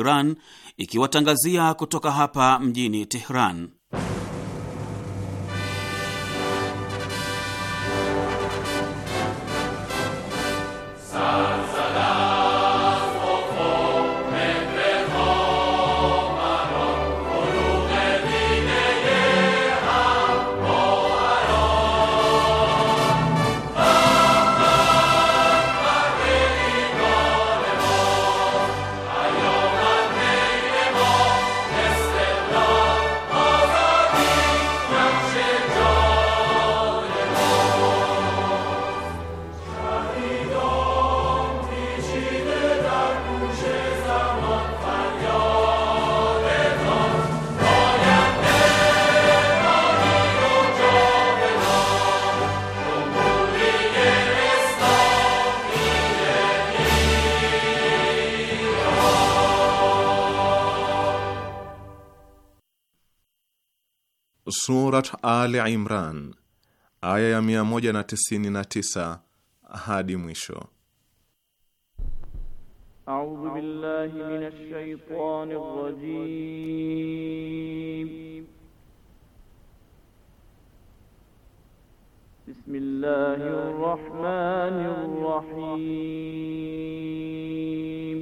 Iran ikiwatangazia kutoka hapa mjini Tehran. Surat Ali Imran aya ya na na tisini tisa hadi mwisho. A'udhu billahi minash shaitanir rajim. Bismillahir rahmanir rahim.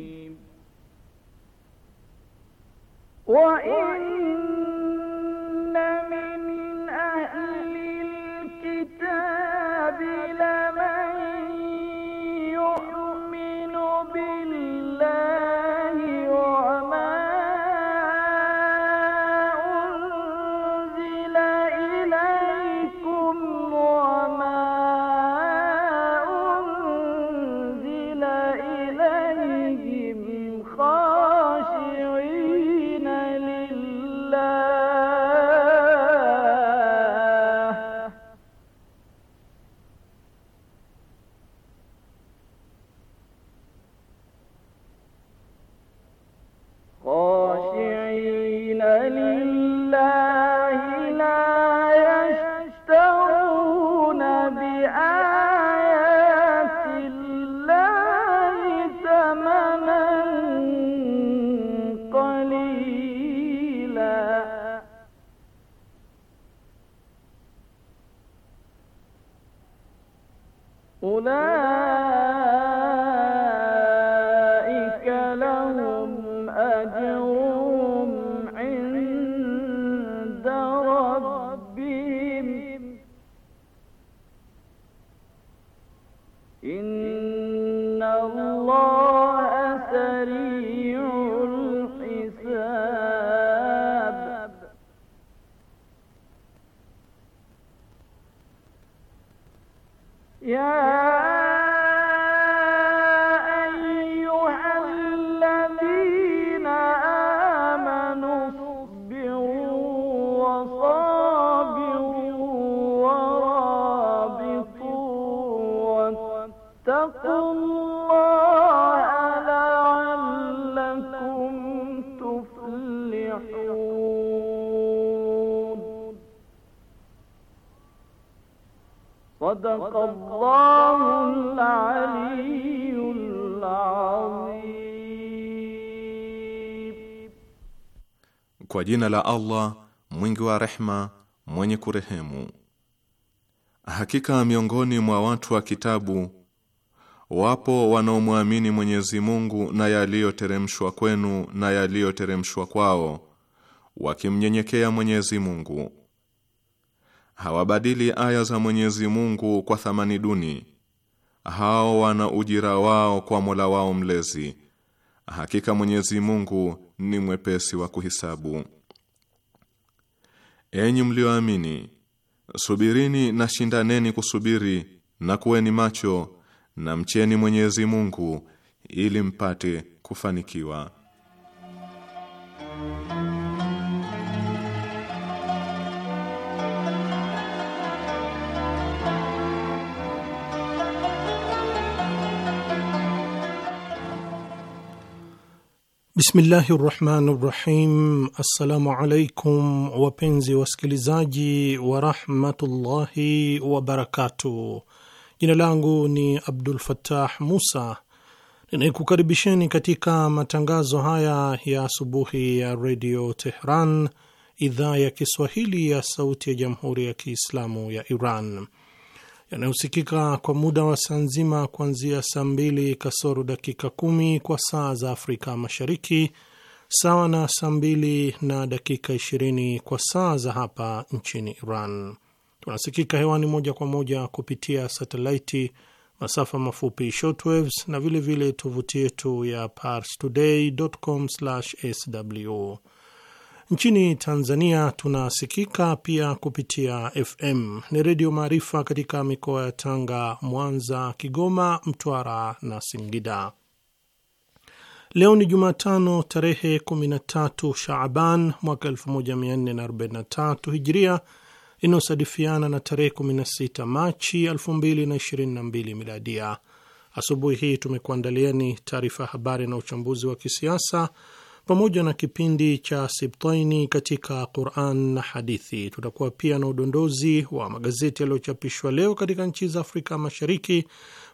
Wa in Kwa jina la Allah mwingi wa rehma, mwenye kurehemu. Hakika miongoni mwa watu wa kitabu wapo wanaomwamini Mwenyezi Mungu na yaliyoteremshwa kwenu na yaliyoteremshwa kwao, wakimnyenyekea Mwenyezi Mungu. Hawabadili aya za Mwenyezi Mungu kwa thamani duni. Hao wana ujira wao kwa Mola wao mlezi Hakika Mwenyezi Mungu ni mwepesi wa kuhisabu. Enyi mlioamini, subirini na shindaneni kusubiri na kuweni macho na mcheni Mwenyezi Mungu ili mpate kufanikiwa. Bismillahi rahmani rahim. Assalamu alaikum wapenzi wasikilizaji warahmatullahi wabarakatuh. Jina langu ni Abdul Fattah Musa, ninakukaribisheni katika matangazo haya ya asubuhi ya Redio Tehran, idhaa ya Kiswahili ya sauti ya Jamhuri ya Kiislamu ya Iran yanayosikika kwa muda wa saa nzima kuanzia saa mbili kasoro dakika kumi kwa saa za Afrika Mashariki, sawa na saa mbili na dakika ishirini kwa saa za hapa nchini Iran. Tunasikika hewani moja kwa moja kupitia satelaiti, masafa mafupi shortwaves, na vilevile tovuti yetu ya parstoday.com/sw. Nchini Tanzania tunasikika pia kupitia FM ni Redio Maarifa katika mikoa ya Tanga, Mwanza, Kigoma, Mtwara na Singida. Leo ni Jumatano tarehe 13 Shaaban mwaka 1443 Hijria, inayosadifiana na tarehe 16 Machi 2022 Miladia. Asubuhi hii tumekuandalieni taarifa habari na uchambuzi wa kisiasa pamoja na kipindi cha Sibtaini katika Quran na hadithi. Tutakuwa pia na udondozi wa magazeti yaliyochapishwa leo katika nchi za Afrika Mashariki,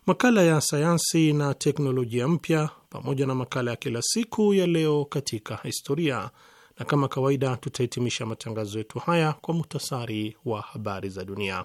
makala ya sayansi na teknolojia mpya, pamoja na makala ya kila siku ya leo katika historia, na kama kawaida tutahitimisha matangazo yetu haya kwa muhtasari wa habari za dunia.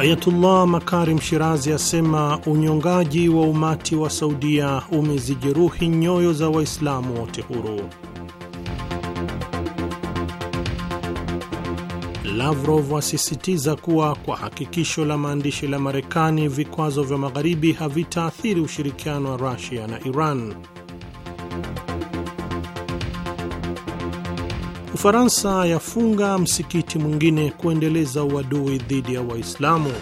Ayatullah Makarim Shirazi asema unyongaji wa umati wa Saudia umezijeruhi nyoyo za Waislamu wote huru. Lavrov asisitiza kuwa kwa hakikisho la maandishi la Marekani, vikwazo vya magharibi havitaathiri ushirikiano wa Rusia na Iran. Ufaransa yafunga msikiti mwingine kuendeleza uadui dhidi ya Waislamu.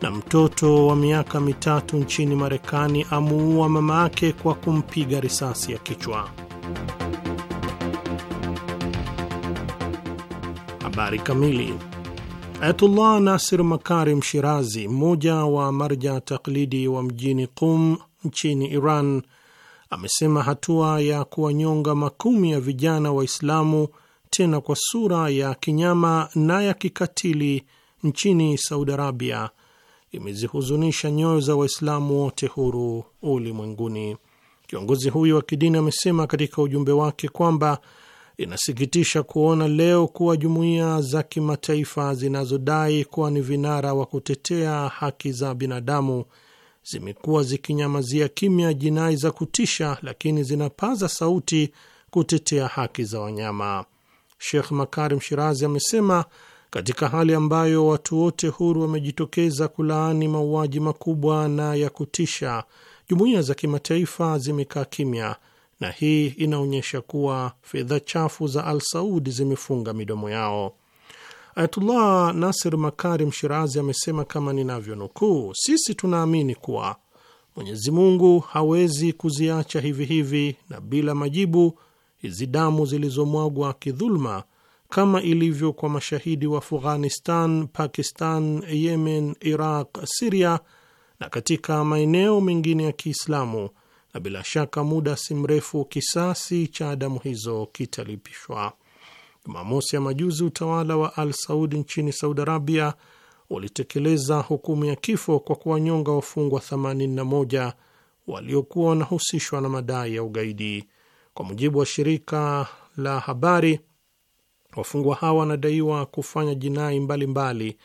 Na mtoto wa miaka mitatu nchini Marekani amuua mama yake kwa kumpiga risasi ya kichwa. Habari kamili. Ayatullah Nasir Makarim Shirazi, mmoja wa marja taklidi wa mjini Qum nchini Iran amesema hatua ya kuwanyonga makumi ya vijana Waislamu tena kwa sura ya kinyama na ya kikatili nchini Saudi Arabia imezihuzunisha nyoyo za Waislamu wote huru ulimwenguni. Kiongozi huyo wa kidini amesema katika ujumbe wake kwamba inasikitisha kuona leo kuwa jumuiya za kimataifa zinazodai kuwa ni vinara wa kutetea haki za binadamu zimekuwa zikinyamazia kimya jinai za kutisha, lakini zinapaza sauti kutetea haki za wanyama. Sheikh Makarim Shirazi amesema katika hali ambayo watu wote huru wamejitokeza kulaani mauaji makubwa na ya kutisha, jumuiya za kimataifa zimekaa kimya, na hii inaonyesha kuwa fedha chafu za Al Saudi zimefunga midomo yao. Ayatullah Nasir Makarim Shirazi amesema kama ninavyonukuu, sisi tunaamini kuwa Mwenyezi Mungu hawezi kuziacha hivi hivi na bila majibu hizi damu zilizomwagwa kidhuluma kama ilivyo kwa mashahidi wa Afghanistan, Pakistan, Yemen, Iraq, Siria na katika maeneo mengine ya Kiislamu, na bila shaka muda si mrefu kisasi cha damu hizo kitalipishwa. Jumamosi ya majuzi utawala wa Al Saudi nchini Saudi Arabia ulitekeleza hukumu ya kifo kwa kuwanyonga wafungwa 81 waliokuwa wanahusishwa na madai ya ugaidi. Kwa mujibu wa shirika la habari, wafungwa hawa wanadaiwa kufanya jinai mbalimbali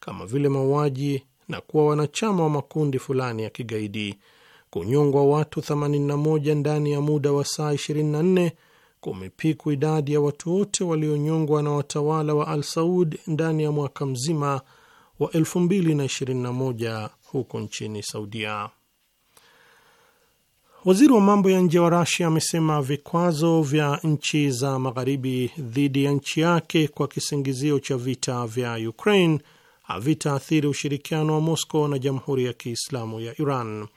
kama vile mauaji na kuwa wanachama wa makundi fulani ya kigaidi. Kunyongwa watu 81 ndani ya muda wa saa 24 kumepikwa idadi ya watu wote walionyongwa na watawala wa Al Saud ndani ya mwaka mzima wa 2021 huko nchini Saudia. Waziri wa mambo ya nje wa Rasia amesema vikwazo vya nchi za magharibi dhidi ya nchi yake kwa kisingizio cha vita vya Ukraine havitaathiri ushirikiano wa Moscow na Jamhuri ya Kiislamu ya Iran.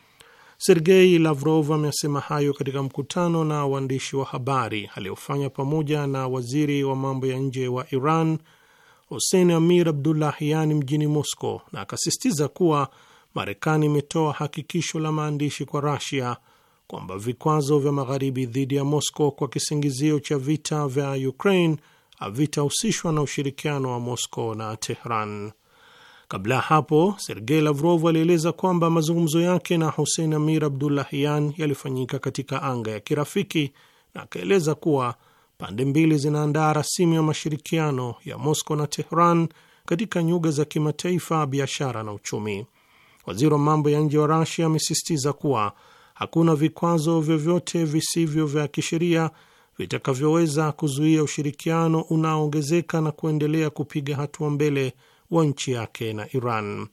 Sergei Lavrov amesema hayo katika mkutano na waandishi wa habari aliyofanya pamoja na waziri wa mambo ya nje wa Iran Hussein Amir Abdullahian mjini Moscow, na akasisitiza kuwa Marekani imetoa hakikisho la maandishi kwa Rasia kwamba vikwazo vya Magharibi dhidi ya Moscow kwa kisingizio cha vita vya Ukraine havitahusishwa na ushirikiano wa Moscow na Tehran. Kabla ya hapo, Sergei Lavrov alieleza kwamba mazungumzo yake na Hussein Amir Abdullahian yalifanyika katika anga ya kirafiki na akaeleza kuwa pande mbili zinaandaa rasimu ya mashirikiano ya Moscow na Tehran katika nyuga za kimataifa, biashara na uchumi. Waziri wa mambo ya nje wa Rasia amesisitiza kuwa hakuna vikwazo vyovyote visivyo vya kisheria vitakavyoweza kuzuia ushirikiano unaoongezeka na kuendelea kupiga hatua mbele wa nchi yake na Iran.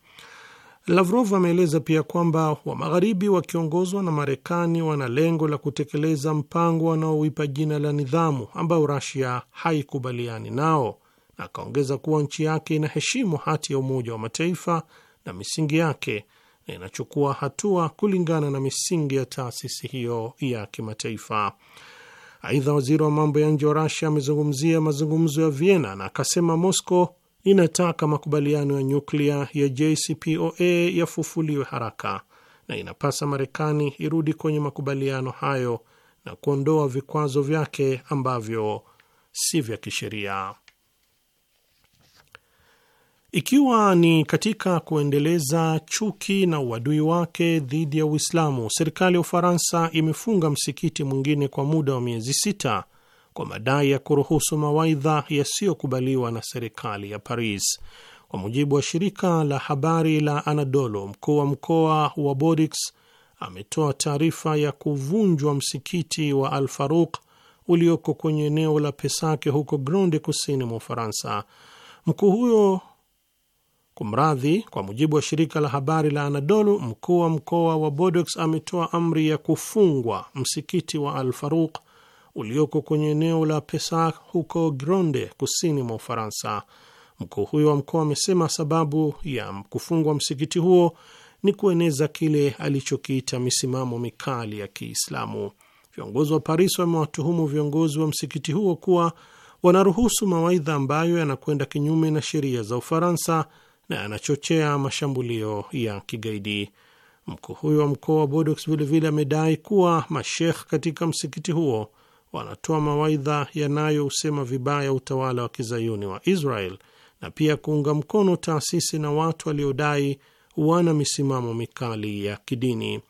Lavrov ameeleza pia kwamba wa Magharibi wakiongozwa na Marekani wana lengo la kutekeleza mpango wanaoipa jina la nidhamu ambao Rasia haikubaliani nao, na akaongeza kuwa nchi yake inaheshimu hati ya Umoja wa Mataifa na misingi yake na inachukua hatua kulingana na misingi ya taasisi hiyo ya kimataifa. Aidha, waziri wa mambo ya nje wa Rasia amezungumzia mazungumzo ya Vienna na akasema Moscow inataka makubaliano ya nyuklia ya JCPOA yafufuliwe haraka na inapasa Marekani irudi kwenye makubaliano hayo na kuondoa vikwazo vyake ambavyo si vya kisheria. Ikiwa ni katika kuendeleza chuki na uadui wake dhidi ya Uislamu, serikali ya Ufaransa imefunga msikiti mwingine kwa muda wa miezi sita kwa madai ya kuruhusu mawaidha yasiyokubaliwa na serikali ya Paris. Kwa mujibu wa shirika la habari la Anadolu, mkuu wa mkoa wa Bodix ametoa taarifa ya kuvunjwa msikiti wa Al Faruq ulioko kwenye eneo la Pesake huko Grande, kusini mwa Ufaransa. Mkuu huyo Kumradhi, kwa mujibu wa shirika la habari la Anadolu, mkuu wa mkoa wa Bodox ametoa amri ya kufungwa msikiti wa Al Faruq ulioko kwenye eneo la Pessac huko Gironde, kusini mwa Ufaransa. Mkuu huyo wa mkoa amesema sababu ya kufungwa msikiti huo ni kueneza kile alichokiita misimamo mikali ya Kiislamu. Viongozi wa Paris wamewatuhumu viongozi wa msikiti huo kuwa wanaruhusu mawaidha ambayo yanakwenda kinyume na sheria za Ufaransa na yanachochea mashambulio ya kigaidi. Mkuu huyo wa mkoa wa Bordeaux vilevile amedai kuwa mashekh katika msikiti huo wanatoa mawaidha yanayousema vibaya utawala wa kizayuni wa Israel na pia kuunga mkono taasisi na watu waliodai wana misimamo mikali ya kidini.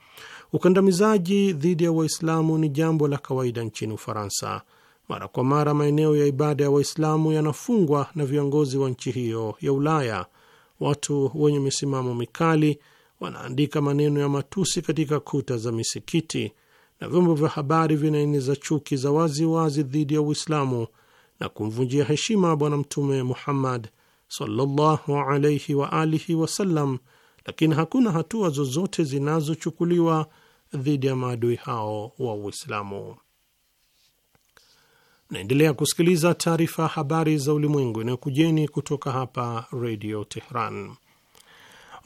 Ukandamizaji dhidi ya Waislamu ni jambo la kawaida nchini Ufaransa. Mara kwa mara maeneo ya ibada ya Waislamu yanafungwa na viongozi wa nchi hiyo ya Ulaya. Watu wenye misimamo mikali wanaandika maneno ya matusi katika kuta za misikiti na vyombo vya habari vinaeneza chuki za wazi wazi dhidi ya Uislamu na kumvunjia heshima Bwana Mtume Muhammad sallallahu alaihi wa alihi wasallam, lakini hakuna hatua zozote zinazochukuliwa dhidi ya maadui hao wa Uislamu. Naendelea kusikiliza taarifa habari za ulimwengu inayokujeni kutoka hapa Redio Tehran.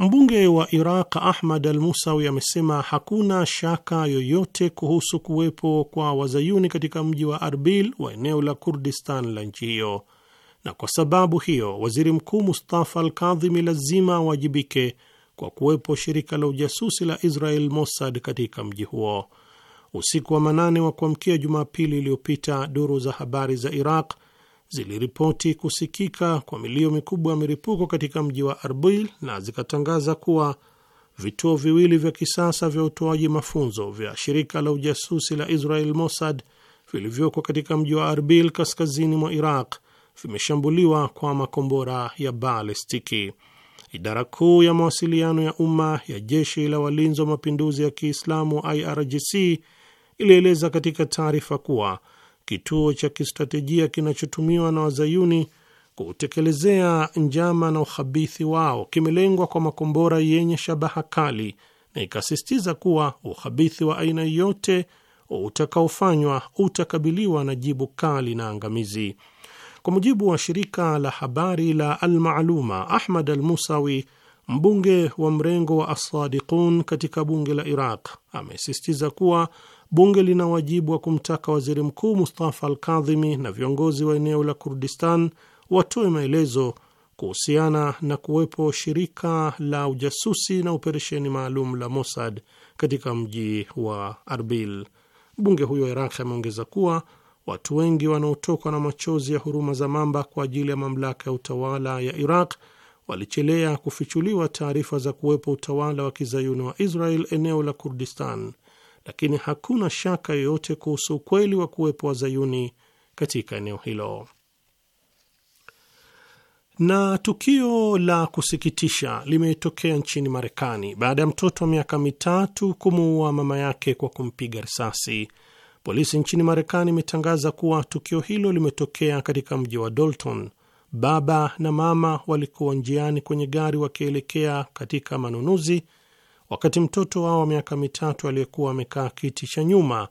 Mbunge wa Iraq Ahmad al Musawi amesema hakuna shaka yoyote kuhusu kuwepo kwa wazayuni katika mji wa Arbil wa eneo la Kurdistan la nchi hiyo, na kwa sababu hiyo waziri mkuu Mustafa al Kadhimi lazima awajibike kwa kuwepo shirika la ujasusi la Israel Mossad katika mji huo. Usiku wa manane wa kuamkia Jumapili iliyopita, duru za habari za Iraq ziliripoti kusikika kwa milio mikubwa ya milipuko katika mji wa Arbil na zikatangaza kuwa vituo viwili vya kisasa vya utoaji mafunzo vya shirika la ujasusi la Israel Mossad vilivyoko katika mji wa Arbil kaskazini mwa Iraq vimeshambuliwa kwa makombora ya balestiki. Idara kuu ya mawasiliano ya umma ya jeshi la walinzi wa mapinduzi ya Kiislamu IRGC ilieleza katika taarifa kuwa kituo cha kistratejia kinachotumiwa na wazayuni kutekelezea njama na uhabithi wao kimelengwa kwa makombora yenye shabaha kali, na ikasisitiza kuwa uhabithi wa aina yote utakaofanywa utakabiliwa na jibu kali na angamizi. Kwa mujibu wa shirika la habari la Almaaluma, Ahmad Almusawi, mbunge wa mrengo wa Assadiqun katika bunge la Iraq, amesisitiza kuwa bunge lina wajibu wa kumtaka waziri mkuu Mustafa Al-Kadhimi na viongozi wa eneo la Kurdistan watoe maelezo kuhusiana na kuwepo shirika la ujasusi na operesheni maalum la Mossad katika mji wa Arbil. Mbunge huyo Iraq ameongeza kuwa watu wengi wanaotokwa na machozi ya huruma za mamba kwa ajili ya mamlaka ya utawala ya Iraq walichelea kufichuliwa taarifa za kuwepo utawala wa kizayuni wa Israel eneo la Kurdistan lakini hakuna shaka yoyote kuhusu ukweli wa kuwepo wazayuni katika eneo hilo. Na tukio la kusikitisha limetokea nchini Marekani baada ya mtoto wa miaka mitatu kumuua mama yake kwa kumpiga risasi. Polisi nchini Marekani imetangaza kuwa tukio hilo limetokea katika mji wa Dalton. Baba na mama walikuwa njiani kwenye gari wakielekea katika manunuzi wakati mtoto wao wa miaka mitatu aliyekuwa amekaa kiti cha nyuma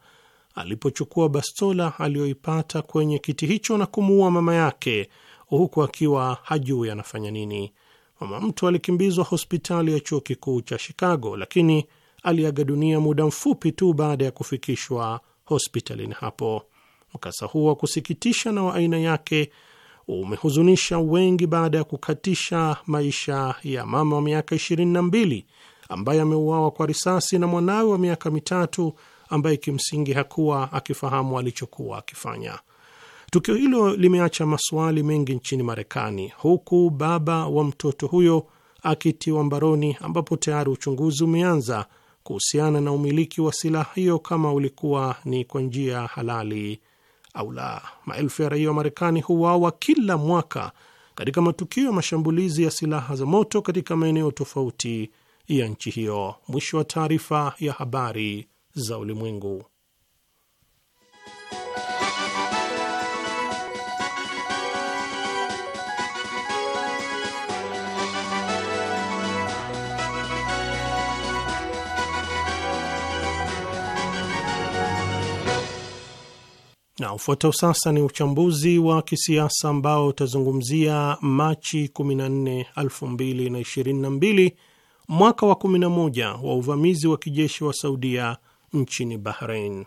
alipochukua bastola aliyoipata kwenye kiti hicho na kumuua mama yake huku akiwa hajui anafanya nini. Mama mtu alikimbizwa hospitali ya chuo kikuu cha Chicago, lakini aliaga dunia muda mfupi tu baada ya kufikishwa hospitalini hapo. Mkasa huo wa kusikitisha na wa aina yake umehuzunisha wengi baada ya kukatisha maisha ya mama wa miaka ishirini na mbili ambaye ameuawa kwa risasi na mwanawe wa miaka mitatu ambaye kimsingi hakuwa akifahamu alichokuwa akifanya. Tukio hilo limeacha maswali mengi nchini Marekani, huku baba wa mtoto huyo akitiwa mbaroni, ambapo tayari uchunguzi umeanza kuhusiana na umiliki wa silaha hiyo, kama ulikuwa ni kwa njia halali au la. Maelfu ya raia wa Marekani huuawa kila mwaka katika matukio ya mashambulizi ya silaha za moto katika maeneo tofauti ya nchi hiyo. Mwisho wa taarifa ya habari za ulimwengu. Na ufuatao sasa ni uchambuzi wa kisiasa ambao utazungumzia Machi 14, 2022 mwaka wa 11 wa uvamizi wa kijeshi wa Saudia nchini Bahrain.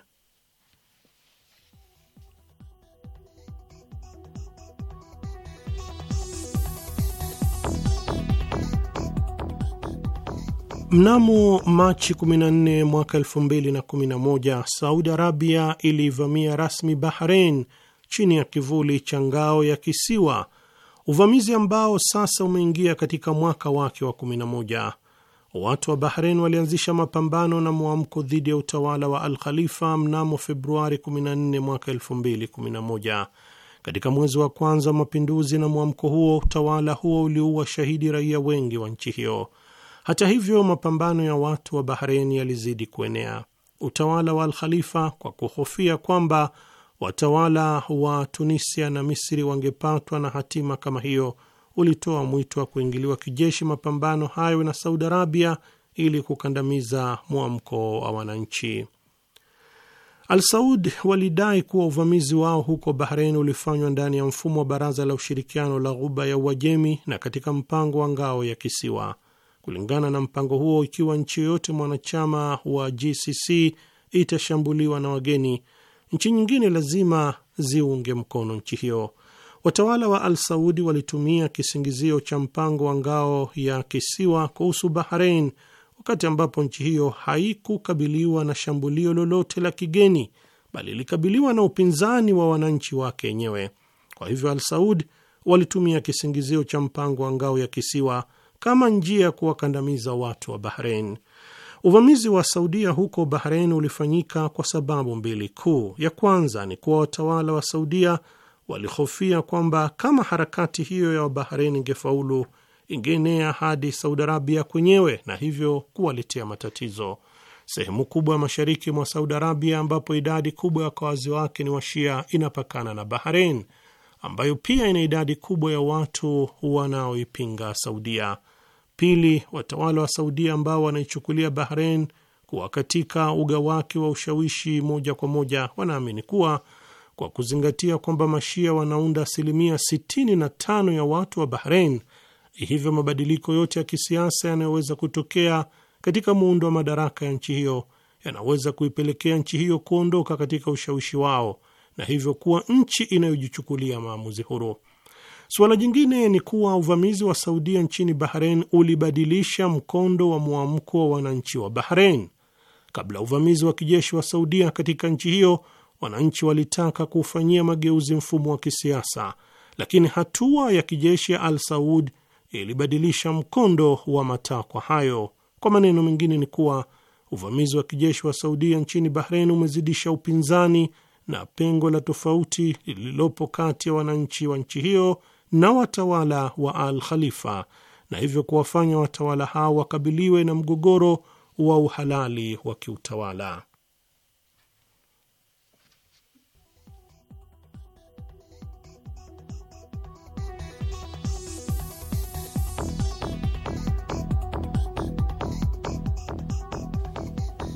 Mnamo Machi 14 mwaka 2011 Saudi Arabia ilivamia rasmi Bahrain chini ya kivuli cha ngao ya kisiwa, uvamizi ambao sasa umeingia katika mwaka wake wa 11 watu wa Bahrein walianzisha mapambano na mwamko dhidi ya utawala wa Al Khalifa mnamo Februari 14 mwaka 2011. Katika mwezi wa kwanza wa mapinduzi na mwamko huo, utawala huo uliua shahidi raia wengi wa nchi hiyo. Hata hivyo, mapambano ya watu wa Bahrein yalizidi kuenea. Utawala wa Al Khalifa, kwa kuhofia kwamba watawala wa Tunisia na Misri wangepatwa na hatima kama hiyo ulitoa mwito wa kuingiliwa kijeshi mapambano hayo na Saudi Arabia ili kukandamiza mwamko wa wananchi. Al Saud walidai kuwa uvamizi wao huko Bahrein ulifanywa ndani ya mfumo wa Baraza la Ushirikiano la Ghuba ya Uajemi na katika mpango wa ngao ya kisiwa. Kulingana na mpango huo, ikiwa nchi yoyote mwanachama wa GCC itashambuliwa na wageni, nchi nyingine lazima ziunge mkono nchi hiyo. Watawala wa Al Saudi walitumia kisingizio cha mpango wa ngao ya kisiwa kuhusu bahrein wakati ambapo nchi hiyo haikukabiliwa na shambulio lolote la kigeni, bali ilikabiliwa na upinzani wa wananchi wake wenyewe. Kwa hivyo, Al Saud walitumia kisingizio cha mpango wa ngao ya kisiwa kama njia ya kuwakandamiza watu wa Bahrein. Uvamizi wa Saudia huko Bahrein ulifanyika kwa sababu mbili kuu. Ya kwanza ni kuwa watawala wa Saudia walihofia kwamba kama harakati hiyo ya Wabahrein ingefaulu ingeenea hadi Saudi Arabia kwenyewe na hivyo kuwaletea matatizo. Sehemu kubwa ya mashariki mwa Saudi Arabia, ambapo idadi kubwa ya wakazi wake ni Washia, inapakana na Bahrein ambayo pia ina idadi kubwa ya watu wanaoipinga Saudia. Pili, watawala wa Saudia ambao wanaichukulia Bahrein kuwa katika uga wake wa ushawishi moja kwa moja, wanaamini kuwa kwa kuzingatia kwamba mashia wanaunda asilimia 65 ya watu wa Bahrein. Hivyo mabadiliko yote ya kisiasa yanayoweza kutokea katika muundo wa madaraka ya nchi hiyo yanaweza kuipelekea nchi hiyo kuondoka katika ushawishi wao na hivyo kuwa nchi inayojichukulia maamuzi huru. Suala jingine ni kuwa uvamizi wa Saudia nchini Bahrein ulibadilisha mkondo wa mwamko wa wananchi wa Bahrein. Kabla uvamizi wa kijeshi wa Saudia katika nchi hiyo, wananchi walitaka kuufanyia mageuzi mfumo wa kisiasa, lakini hatua ya kijeshi ya Al Saud ilibadilisha mkondo wa matakwa hayo. Kwa maneno mengine ni kuwa uvamizi wa kijeshi wa Saudia nchini Bahrein umezidisha upinzani na pengo la tofauti lililopo kati ya wananchi wa nchi hiyo na watawala wa Al Khalifa, na hivyo kuwafanya watawala hao wakabiliwe na mgogoro wa uhalali wa kiutawala.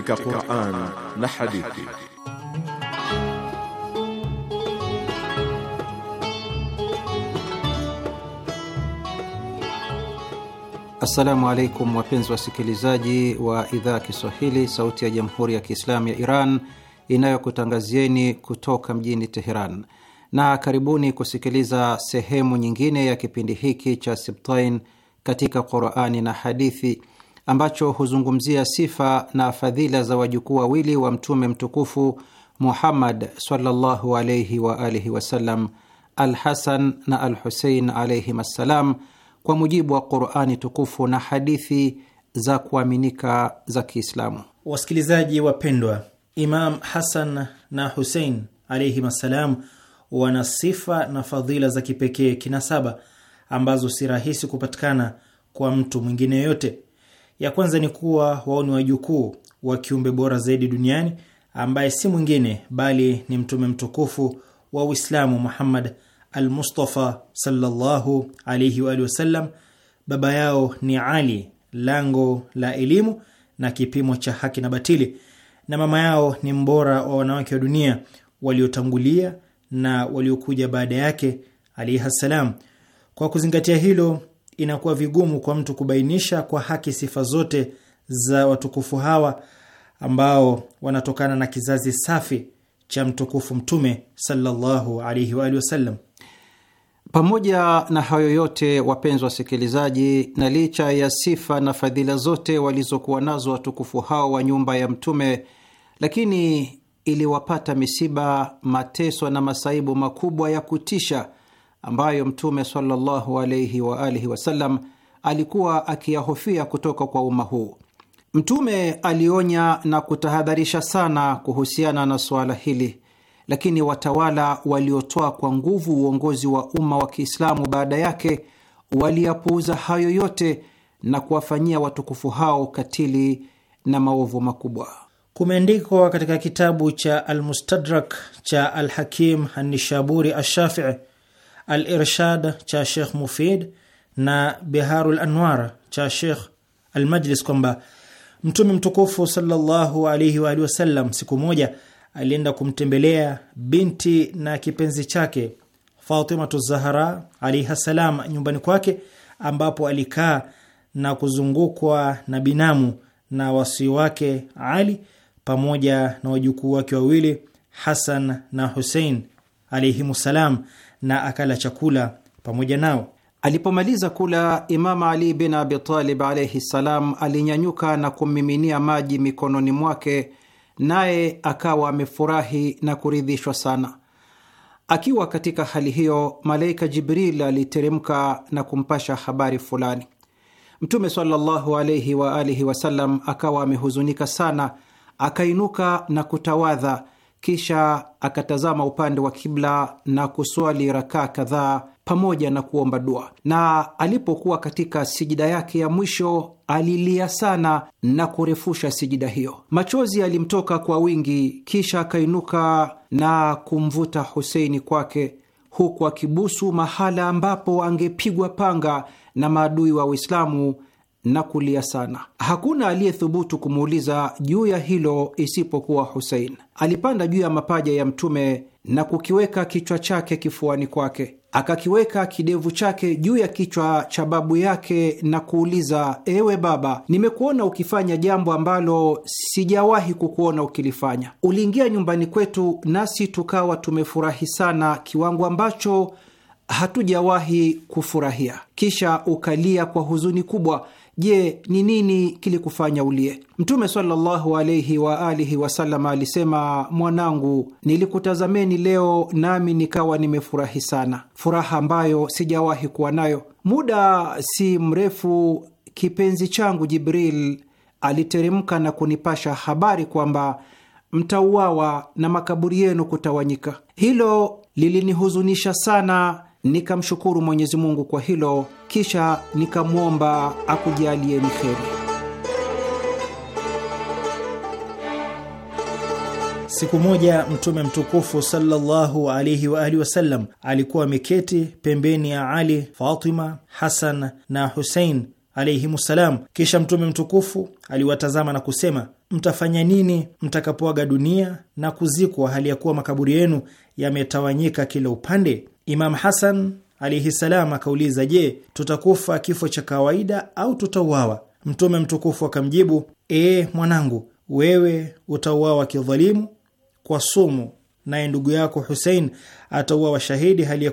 katika Qur'an na hadithi. Assalamu alaykum wapenzi wasikilizaji wa idhaa ya Kiswahili sauti ya Jamhuri ya Kiislamu ya Iran inayokutangazieni kutoka mjini Teheran na karibuni kusikiliza sehemu nyingine ya kipindi hiki cha Sibtain katika Qur'ani na hadithi ambacho huzungumzia sifa na fadhila za wajukuu wawili wa mtume mtukufu Muhammad sallallahu alayhi wa alihi wasallam, al Hasan na al Husein alayhim assalam, kwa mujibu wa Qurani tukufu na hadithi za kuaminika za Kiislamu. Wasikilizaji wapendwa, Imam Hasan na Husein alayhim assalam wana sifa na fadhila za kipekee kinasaba ambazo si rahisi kupatikana kwa mtu mwingine yoyote. Ya kwanza ni kuwa wao ni wajukuu wa kiumbe bora zaidi duniani ambaye si mwingine bali ni mtume mtukufu wa Uislamu Muhammad al-Mustafa sallallahu alayhi wa Baba yao ni Ali, lango la elimu na kipimo cha haki na batili, na mama yao ni mbora wa wanawake wa dunia waliotangulia na waliokuja baada yake alaihi salam. Kwa kuzingatia hilo inakuwa vigumu kwa mtu kubainisha kwa haki sifa zote za watukufu hawa ambao wanatokana na kizazi safi cha mtukufu Mtume sallallahu alaihi wa alihi wasallam. Pamoja na hayo yote, wapenzi wasikilizaji, na licha ya sifa na fadhila zote walizokuwa nazo watukufu hao wa nyumba ya Mtume, lakini iliwapata misiba, mateso na masaibu makubwa ya kutisha ambayo Mtume sallallahu wa alihi wasallam alikuwa akiyahofia kutoka kwa umma huu. Mtume alionya na kutahadharisha sana kuhusiana na suala hili, lakini watawala waliotoa kwa nguvu uongozi wa umma wa Kiislamu baada yake waliyapuuza hayo yote na kuwafanyia watukufu hao katili na maovu makubwa. Kumeandikwa katika kitabu cha Almustadrak cha Alhakim Anishaburi Ashafii Al-Irshad cha Sheikh Mufid na Biharul Anwar cha Sheikh Al-Majlis kwamba Mtume mtukufu sallallahu alaihi wa alihi wasallam siku moja alienda kumtembelea binti na kipenzi chake Fatimatu Zahra alaiha salam nyumbani kwake, ambapo alikaa na kuzungukwa na binamu na wasii wake Ali pamoja na wajukuu wake wawili Hasan na Husein alaihimu salam, na akala chakula pamoja nao. Alipomaliza kula, Imam Ali bin Abitalib alaihi ssalam alinyanyuka na kummiminia maji mikononi mwake, naye akawa amefurahi na kuridhishwa sana. Akiwa katika hali hiyo, malaika Jibril aliteremka na kumpasha habari fulani. Mtume sallallahu alaihi wasallam akawa amehuzunika sana, akainuka na kutawadha kisha akatazama upande wa kibla na kuswali rakaa kadhaa pamoja na kuomba dua. Na alipokuwa katika sijida yake ya mwisho alilia sana na kurefusha sijida hiyo. Machozi alimtoka kwa wingi, kisha akainuka na kumvuta Huseini kwake huku akibusu mahala ambapo angepigwa panga na maadui wa Uislamu na kulia sana. Hakuna aliyethubutu kumuuliza juu ya hilo isipokuwa Husein. Alipanda juu ya mapaja ya Mtume na kukiweka kichwa chake kifuani kwake, akakiweka kidevu chake juu ya kichwa cha babu yake na kuuliza, ewe baba, nimekuona ukifanya jambo ambalo sijawahi kukuona ukilifanya. Uliingia nyumbani kwetu, nasi tukawa tumefurahi sana kiwango ambacho hatujawahi kufurahia. Kisha ukalia kwa huzuni kubwa Je, ni nini kilikufanya ulie? Mtume sallallahu alaihi wa alihi wasallam alisema, mwanangu, nilikutazameni leo nami nikawa nimefurahi sana, furaha ambayo sijawahi kuwa nayo. Muda si mrefu, kipenzi changu Jibril aliteremka na kunipasha habari kwamba mtauawa na makaburi yenu kutawanyika. Hilo lilinihuzunisha sana nikamshukuru Mwenyezi Mungu kwa hilo, kisha nikamwomba akujalieni kheri. Siku moja Mtume mtukufu sallallahu alaihi wa alihi wasallam alikuwa ameketi pembeni ya Ali, Fatima, Hasan na Husein alaihimussalam. Kisha Mtume mtukufu aliwatazama na kusema, mtafanya nini mtakapoaga dunia na kuzikwa, hali ya kuwa makaburi yenu yametawanyika kila upande? Imam Hasan alaihi salam akauliza, je, tutakufa kifo cha kawaida au tutauawa? Mtume mtukufu akamjibu, ee mwanangu, wewe utauawa kidhalimu kwa sumu, naye ndugu yako Husein atauawa shahidi hali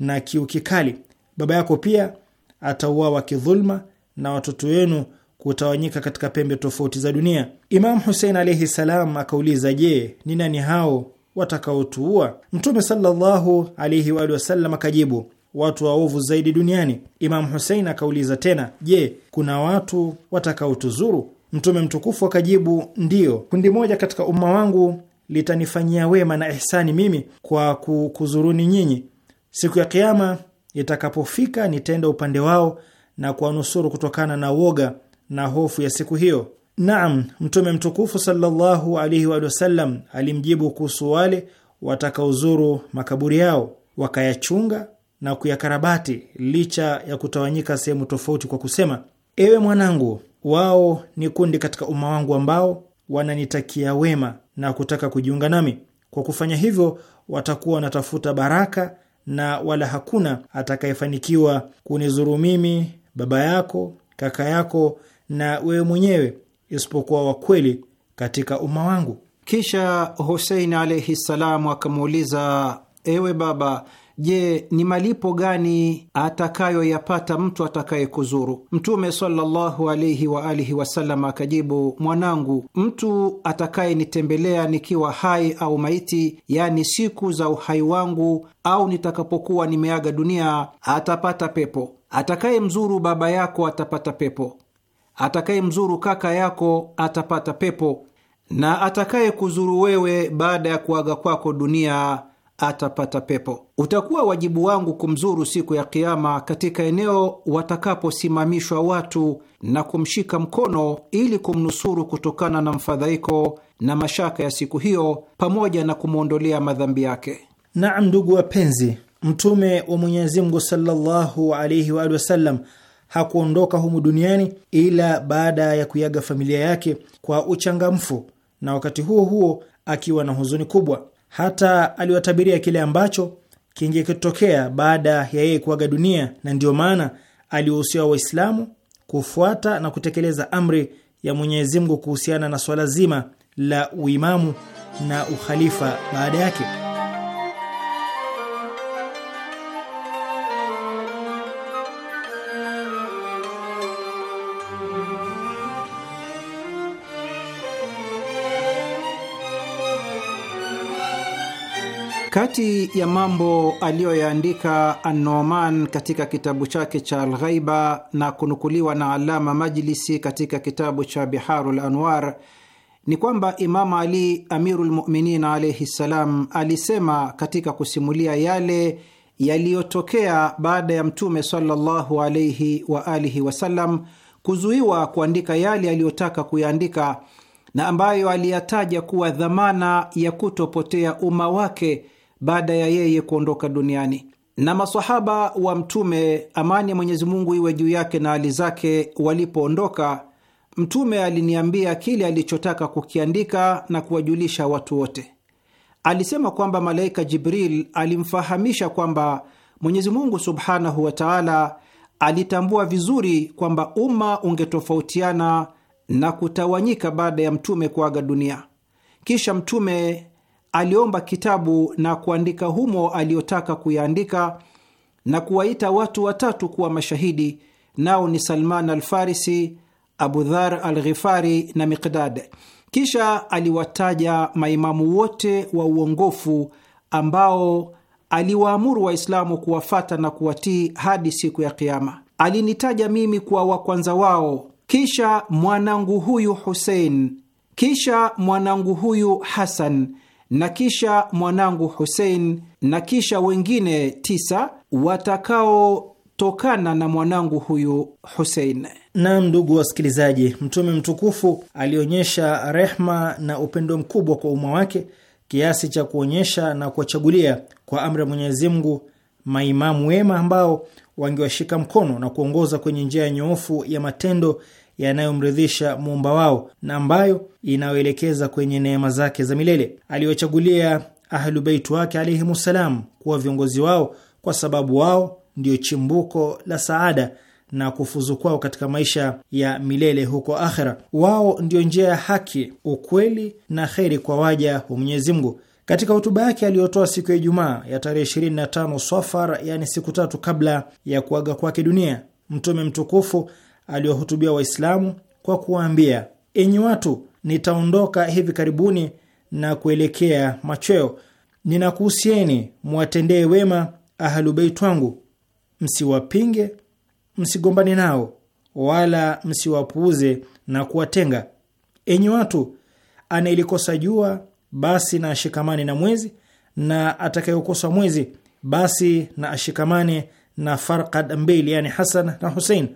na kiu kikali. Baba yako pia atauawa kidhulma na watoto wenu kutawanyika katika pembe tofauti za dunia. Imam Husein alaihi salam akauliza, je, ni nani hao watakaotuua. Mtume sallallahu alaihi waalihi wasallam akajibu, watu waovu zaidi duniani. Imamu Husein akauliza tena, je, kuna watu watakaotuzuru? Mtume mtukufu akajibu, ndiyo, kundi moja katika umma wangu litanifanyia wema na ihsani mimi kwa kukuzuruni nyinyi. Siku ya Kiama itakapofika, nitenda upande wao na kuwanusuru kutokana na woga na hofu ya siku hiyo. Naam, Mtume mtukufu sallallahu alaihi wa sallam alimjibu kuhusu wale watakaozuru makaburi yao wakayachunga na kuyakarabati licha ya kutawanyika sehemu tofauti kwa kusema: ewe mwanangu, wao ni kundi katika umma wangu ambao wananitakia wema na kutaka kujiunga nami. Kwa kufanya hivyo, watakuwa wanatafuta baraka na wala hakuna atakayefanikiwa kunizuru mimi, baba yako, kaka yako na wewe mwenyewe isipokuwa wakweli katika umma wangu. Kisha Husein alaihi ssalam akamuuliza, ewe baba Je, ni malipo gani atakayoyapata mtu atakayekuzuru? Mtume sallallahu alaihi wa alihi wasallam akajibu, mwanangu, mtu atakayenitembelea nikiwa hai au maiti, yaani siku za uhai wangu au nitakapokuwa nimeaga dunia, atapata pepo. Atakayemzuru baba yako atapata pepo atakayemzuru kaka yako atapata pepo, na atakayekuzuru wewe baada ya kuaga kwako dunia atapata pepo. Utakuwa wajibu wangu kumzuru siku ya Kiama katika eneo watakaposimamishwa watu na kumshika mkono ili kumnusuru kutokana na mfadhaiko na mashaka ya siku hiyo, pamoja na kumwondolea madhambi yake. Naam, ndugu wapenzi, Mtume wa Mwenyezi Mungu sallallahu alaihi wa alihi wasallam hakuondoka humu duniani ila baada ya kuiaga familia yake kwa uchangamfu, na wakati huo huo akiwa na huzuni kubwa. Hata aliwatabiria kile ambacho kingekitokea baada ya yeye kuaga dunia, na ndiyo maana aliwahusia Waislamu kufuata na kutekeleza amri ya Mwenyezi Mungu kuhusiana na swala zima la uimamu na ukhalifa baada yake. Kati ya mambo aliyoyaandika Anoman katika kitabu chake cha Alghaiba na kunukuliwa na Alama Majlisi katika kitabu cha Biharul Anwar ni kwamba Imamu Ali amirulmuminin Muminin alaihi ssalam alisema katika kusimulia yale yaliyotokea baada ya Mtume sallallahu alaihi alihi wasallam kuzuiwa kuandika yale aliyotaka kuyaandika na ambayo aliyataja kuwa dhamana ya kutopotea umma wake baada ya yeye kuondoka duniani na masahaba wa Mtume, amani ya Mwenyezi Mungu iwe juu yake na hali zake, walipoondoka, Mtume aliniambia kile alichotaka kukiandika na kuwajulisha watu wote. Alisema kwamba malaika Jibril alimfahamisha kwamba Mwenyezi Mungu subhanahu wa taala alitambua vizuri kwamba umma ungetofautiana na kutawanyika baada ya Mtume kuaga dunia. Kisha Mtume aliomba kitabu na kuandika humo aliyotaka kuyaandika na kuwaita watu watatu kuwa mashahidi, nao ni Salman Alfarisi, Abu Dhar Alghifari na Miqdad. Kisha aliwataja maimamu wote wa uongofu ambao aliwaamuru Waislamu kuwafata na kuwatii hadi siku ya Kiama. Alinitaja mimi kuwa wa kwanza wao, kisha mwanangu huyu Husein, kisha mwanangu huyu Hasan na kisha mwanangu Husein na kisha wengine tisa watakaotokana na mwanangu huyu Husein. Naam, ndugu wasikilizaji, Mtume mtukufu alionyesha rehma na upendo mkubwa kwa umma wake kiasi cha kuonyesha na kuwachagulia kwa amri ya Mwenyezi Mungu maimamu wema ambao wangewashika mkono na kuongoza kwenye njia ya nyoofu ya matendo yanayomridhisha muumba wao na ambayo inayoelekeza kwenye neema zake za milele. Aliwachagulia ahlubeit wake wake alaihimussalam kuwa viongozi wao kwa sababu wao ndio chimbuko la saada na kufuzu kwao katika maisha ya milele huko akhera. Wao ndio njia ya haki, ukweli na kheri kwa waja wa Mwenyezi Mungu. Katika hotuba yake aliyotoa siku ya Ijumaa ya tarehe 25 Safar, yani siku tatu kabla ya kuaga kwake dunia, Mtume mtukufu aliwahutubia Waislamu kwa kuwaambia, enyi watu, nitaondoka hivi karibuni na kuelekea machweo. Ninakuhusieni mwatendee wema ahalubeit wangu, msiwapinge, msigombane nao, wala msiwapuuze na kuwatenga. Enyi watu, anayelikosa jua basi na ashikamane na mwezi, na atakayekosa mwezi basi na ashikamane na Farkad mbili, yani Hasan na Husein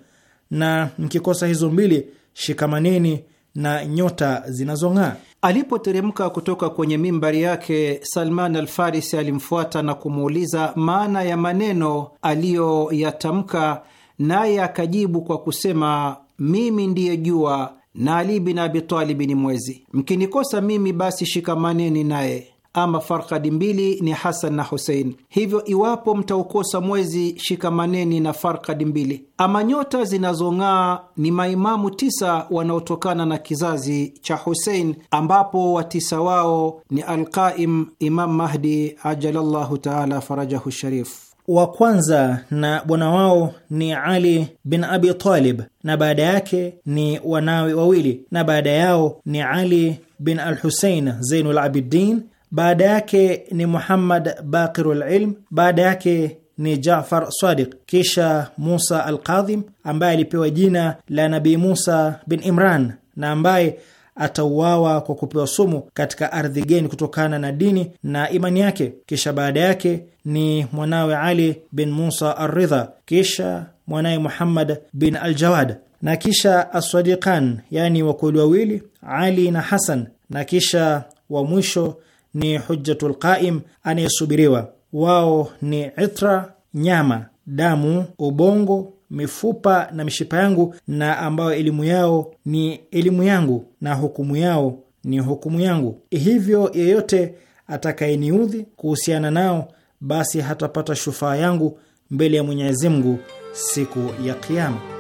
na mkikosa hizo mbili, shikamaneni na nyota zinazong'aa. Alipoteremka kutoka kwenye mimbari yake, Salman Alfarisi alimfuata na kumuuliza maana ya maneno aliyoyatamka, naye akajibu kwa kusema, mimi ndiye jua na Ali bin Abitalibi ni mwezi. Mkinikosa mimi, basi shikamaneni naye ama farkadi mbili ni Hasan na Husein. Hivyo iwapo mtaukosa mwezi, shikamaneni na farkadi mbili. Ama nyota zinazong'aa ni maimamu tisa wanaotokana na kizazi cha Husein, ambapo watisa wao ni Alqaim Imam Mahdi ajalallahu taala farajahu sharif wa kwanza na bwana wao ni Ali bin Abi Talib, na baada yake ni wanawe wawili, na baada yao ni Ali bin Al Husein Zainul Abidin baada yake ni Muhammad Bakirul Ilm, baada yake ni Jafar Sadiq, kisha Musa Alqadhim ambaye alipewa jina la Nabii Musa bin Imran na ambaye atauawa kwa kupewa sumu katika ardhi geni kutokana na dini na imani yake. Kisha baada yake ni mwanawe Ali bin Musa Arridha, kisha mwanawe Muhammad bin Aljawad, na kisha Aswadiqan, yaani wakweli wawili Ali na Hasan, na kisha wa mwisho ni Hujjatu lqaim anayesubiriwa. Wao ni itra, nyama, damu, ubongo, mifupa na mishipa yangu, na ambayo elimu yao ni elimu yangu na hukumu yao ni hukumu yangu. Hivyo yeyote atakayeniudhi kuhusiana nao, basi hatapata shufaa yangu mbele ya Mwenyezi Mungu siku ya Kiama.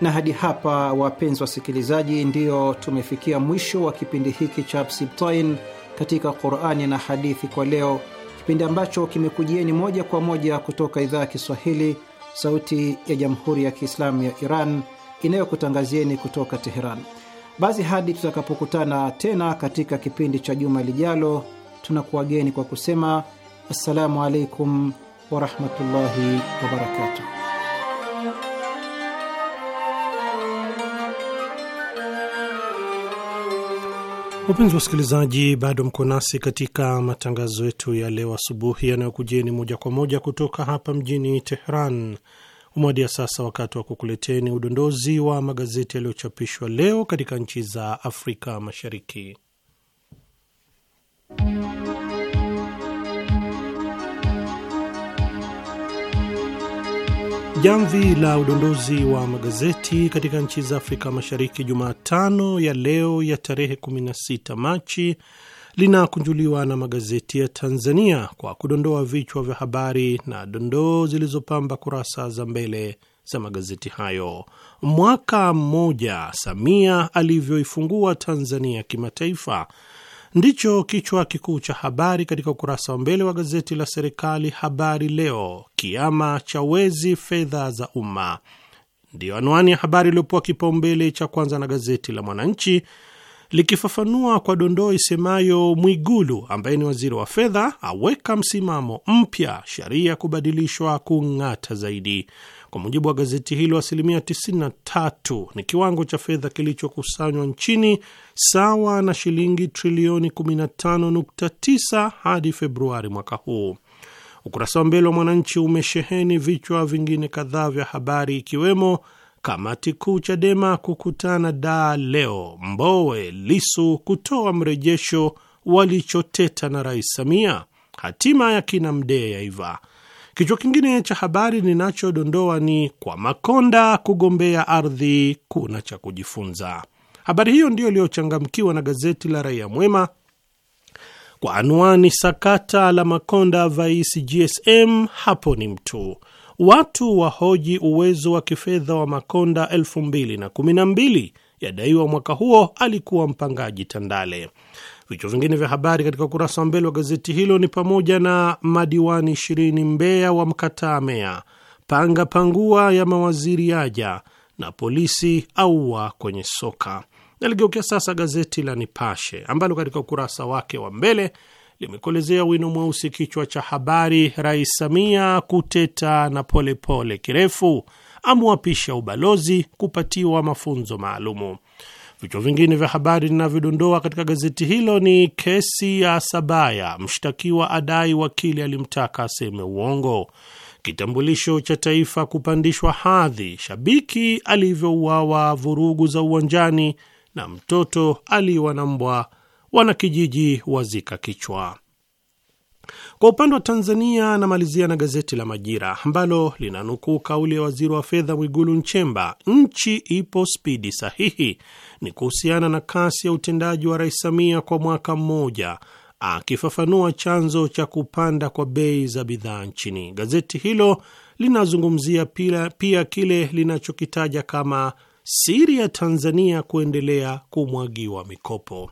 Na hadi hapa, wapenzi wasikilizaji, ndiyo tumefikia mwisho wa kipindi hiki cha psiptoin katika Qurani na hadithi kwa leo, kipindi ambacho kimekujieni moja kwa moja kutoka idhaa ya Kiswahili, Sauti ya Jamhuri ya Kiislamu ya Iran inayokutangazieni kutoka Teheran. Basi hadi tutakapokutana tena katika kipindi cha juma lijalo, tunakuwageni kwa kusema assalamu alaikum warahmatullahi wabarakatuh. Wapenzi wasikilizaji, bado mko nasi katika matangazo yetu ya leo asubuhi yanayokujieni moja kwa moja kutoka hapa mjini Tehran. Umewadia sasa wakati wa kukuleteni udondozi wa magazeti yaliyochapishwa leo katika nchi za Afrika Mashariki. Jamvi la udondozi wa magazeti katika nchi za Afrika Mashariki Jumatano ya leo ya tarehe 16 Machi linakunjuliwa na magazeti ya Tanzania kwa kudondoa vichwa vya habari na dondoo zilizopamba kurasa za mbele za magazeti hayo. Mwaka mmoja Samia alivyoifungua Tanzania kimataifa ndicho kichwa kikuu cha habari katika ukurasa wa mbele wa gazeti la serikali Habari Leo. Kiama cha wezi fedha za umma ndiyo anwani ya habari iliyopewa kipaumbele cha kwanza na gazeti la Mwananchi, likifafanua kwa dondoo isemayo Mwigulu ambaye ni waziri wa fedha aweka msimamo mpya, sheria kubadilishwa kung'ata zaidi. Kwa mujibu wa gazeti hilo, asilimia 93 ni kiwango cha fedha kilichokusanywa nchini sawa na shilingi trilioni 15.9 hadi Februari mwaka huu. Ukurasa wa mbele wa Mwananchi umesheheni vichwa vingine kadhaa vya habari ikiwemo kamati kuu Chadema kukutana daa leo, Mbowe Lisu kutoa mrejesho walichoteta na Rais Samia, hatima ya kina Mdee yaiva Kichwa kingine cha habari ninachodondoa ni kwa Makonda kugombea ardhi kuna cha kujifunza. Habari hiyo ndiyo iliyochangamkiwa na gazeti la Raia Mwema kwa anwani sakata la Makonda Vice GSM, hapo ni mtu watu wahoji uwezo wa kifedha wa Makonda 2012 yadaiwa mwaka huo alikuwa mpangaji Tandale. Vichwa vingine vya habari katika ukurasa wa mbele wa gazeti hilo ni pamoja na madiwani ishirini Mbeya mkataa meya, panga pangua ya mawaziri yaja, na polisi aua kwenye soka. Naligeukia sasa gazeti la Nipashe ambalo katika ukurasa wake wa mbele limekolezea wino mweusi kichwa cha habari, Rais Samia kuteta na Polepole pole kirefu, amwapisha ubalozi kupatiwa mafunzo maalumu. Vichwa vingine vya habari linavyodondoa katika gazeti hilo ni kesi ya Sabaya, mshtakiwa adai wakili alimtaka aseme uongo, kitambulisho cha taifa kupandishwa hadhi, shabiki alivyouawa vurugu za uwanjani, na mtoto aliwa na mbwa, wanakijiji wazika kichwa. Kwa upande wa Tanzania anamalizia na gazeti la Majira ambalo linanukuu kauli ya waziri wa fedha Mwigulu Nchemba, nchi ipo spidi sahihi, ni kuhusiana na kasi ya utendaji wa Rais Samia kwa mwaka mmoja, akifafanua chanzo cha kupanda kwa bei za bidhaa nchini. Gazeti hilo linazungumzia pia, pia kile linachokitaja kama siri ya Tanzania kuendelea kumwagiwa mikopo.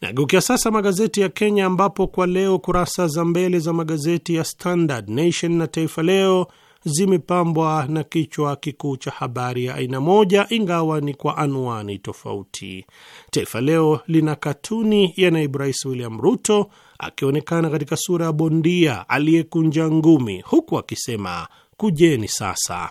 Nageukia sasa magazeti ya Kenya ambapo kwa leo kurasa za mbele za magazeti ya Standard, Nation na Taifa Leo zimepambwa na kichwa kikuu cha habari ya aina moja, ingawa ni kwa anwani tofauti. Taifa Leo lina katuni ya naibu rais William Ruto akionekana katika sura ya bondia aliyekunja ngumi, huku akisema kujeni sasa.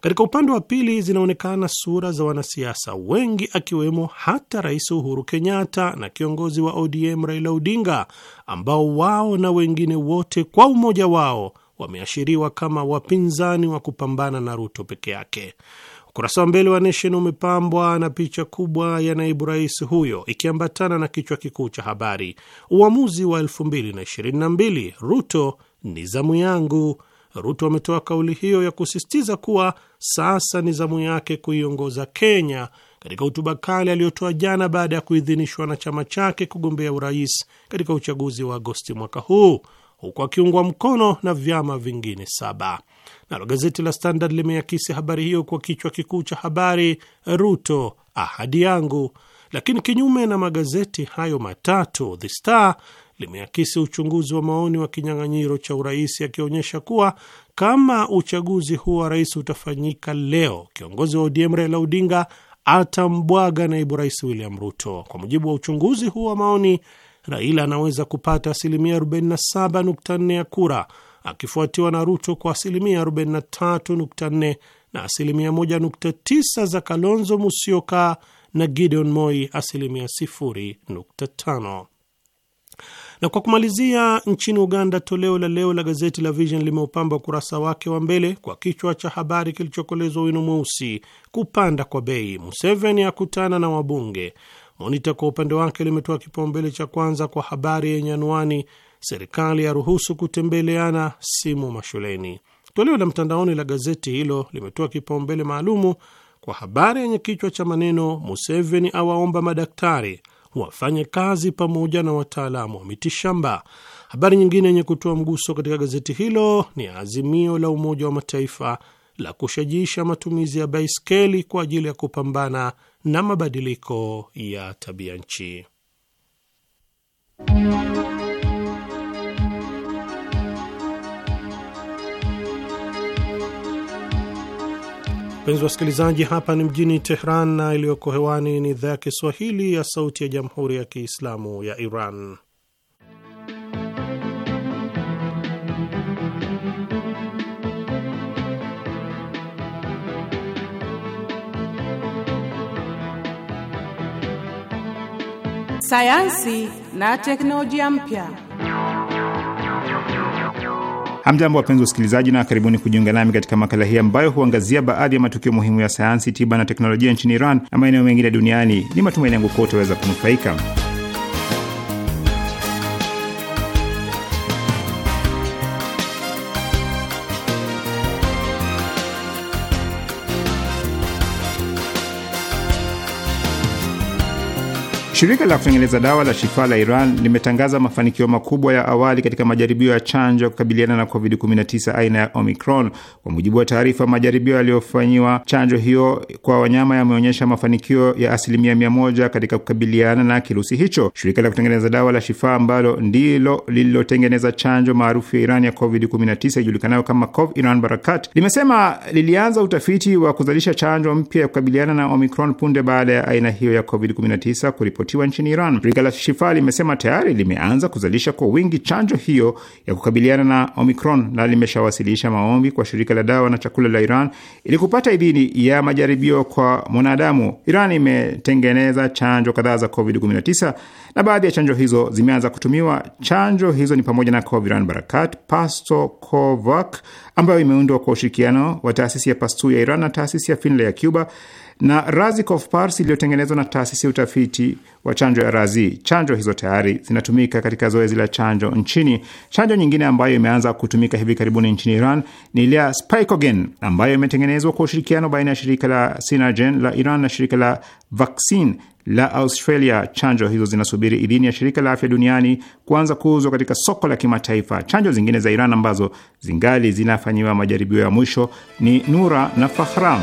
Katika upande wa pili zinaonekana sura za wanasiasa wengi akiwemo hata Rais Uhuru Kenyatta na kiongozi wa ODM Raila Odinga, ambao wao na wengine wote kwa umoja wao wameashiriwa kama wapinzani wa kupambana na Ruto peke yake. Ukurasa wa mbele wa Nation umepambwa na picha kubwa ya naibu rais huyo ikiambatana na kichwa kikuu cha habari, uamuzi wa 2022 Ruto ni zamu yangu. Ruto ametoa kauli hiyo ya kusisitiza kuwa sasa ni zamu yake kuiongoza Kenya katika hotuba kali aliyotoa jana baada ya kuidhinishwa na chama chake kugombea urais katika uchaguzi wa Agosti mwaka huu huku akiungwa mkono na vyama vingine saba. Nalo gazeti la Standard limeakisi habari hiyo kwa kichwa kikuu cha habari, Ruto ahadi yangu. Lakini kinyume na magazeti hayo matatu, The Star limeakisi uchunguzi wa maoni wa kinyang'anyiro cha urais, akionyesha kuwa kama uchaguzi huu wa rais utafanyika leo, kiongozi wa ODM Raila Odinga atambwaga naibu rais William Ruto. Kwa mujibu wa uchunguzi huu wa maoni, Raila anaweza kupata asilimia 47.4 ya kura, akifuatiwa na Ruto kwa asilimia 43.4 na asilimia 1.9 za Kalonzo Musyoka na Gideon Moi asilimia 0.5. Na kwa kumalizia, nchini Uganda, toleo la leo la gazeti la Vision limeupamba ukurasa wake wa mbele kwa kichwa cha habari kilichokolezwa wino mweusi, kupanda kwa bei, Museveni akutana na wabunge. Monita kwa upande wake limetoa kipaumbele cha kwanza kwa habari yenye anwani serikali yaruhusu kutembeleana simu mashuleni. Toleo la mtandaoni la gazeti hilo limetoa kipaumbele maalumu kwa habari yenye kichwa cha maneno Museveni awaomba madaktari wafanye kazi pamoja na wataalamu wa mitishamba. Habari nyingine yenye kutoa mguso katika gazeti hilo ni azimio la Umoja wa Mataifa la kushajiisha matumizi ya baiskeli kwa ajili ya kupambana na mabadiliko ya tabia nchi. Mpenzi wasikilizaji, hapa ni mjini Tehran na iliyoko hewani ni idhaa ya Kiswahili ya Sauti ya Jamhuri ya Kiislamu ya Iran. sayansi na teknolojia mpya. Hamjambo, wapenzi wasikilizaji, na karibuni kujiunga nami katika makala hii ambayo huangazia baadhi ya matukio muhimu ya sayansi, tiba na teknolojia nchini Iran na maeneo mengine duniani. Ni matumaini yangu kuwa utaweza kunufaika. Shirika la kutengeneza dawa la Shifa la Iran limetangaza mafanikio makubwa ya awali katika majaribio ya chanjo ya kukabiliana na COVID-19 aina ya Omicron. Kwa mujibu wa taarifa, majaribio yaliyofanyiwa chanjo hiyo kwa wanyama yameonyesha mafanikio ya asilimia mia moja katika kukabiliana na kirusi hicho. Shirika la kutengeneza dawa la Shifa ambalo ndilo lililotengeneza chanjo maarufu ya Iran ya COVID-19 ijulikanayo kama Cov Iran Barakat limesema lilianza utafiti wa kuzalisha chanjo mpya ya kukabiliana na Omicron punde baada ya aina hiyo ya COVID-19 kuripoti kuripotiwa nchini Iran. Shirika la Shifa limesema tayari limeanza kuzalisha kwa wingi chanjo hiyo ya kukabiliana na Omicron na limeshawasilisha maombi kwa shirika la dawa na chakula la Iran ili kupata idhini ya majaribio kwa mwanadamu. Iran imetengeneza chanjo kadhaa za COVID-19 na baadhi ya chanjo hizo zimeanza kutumiwa. Chanjo hizo ni pamoja na Coviran Barakat, Covac ambayo imeundwa kwa ushirikiano wa taasisi ya Pastu ya Iran na taasisi ya Finlay ya Cuba na Razi of Pars iliyotengenezwa na taasisi ya utafiti wa chanjo ya Razi. Chanjo hizo tayari zinatumika katika zoezi la chanjo nchini. Chanjo nyingine ambayo imeanza kutumika hivi karibuni nchini Iran ni ile ya Spikogen ambayo imetengenezwa kwa ushirikiano baina ya shirika la Sinagen la Iran na shirika la Vaksin la Australia. Chanjo hizo zinasubiri idhini ya shirika la afya duniani kuanza kuuzwa katika soko la kimataifa. Chanjo zingine za Iran ambazo zingali zinafanyiwa majaribio ya mwisho ni Nura na Fahram.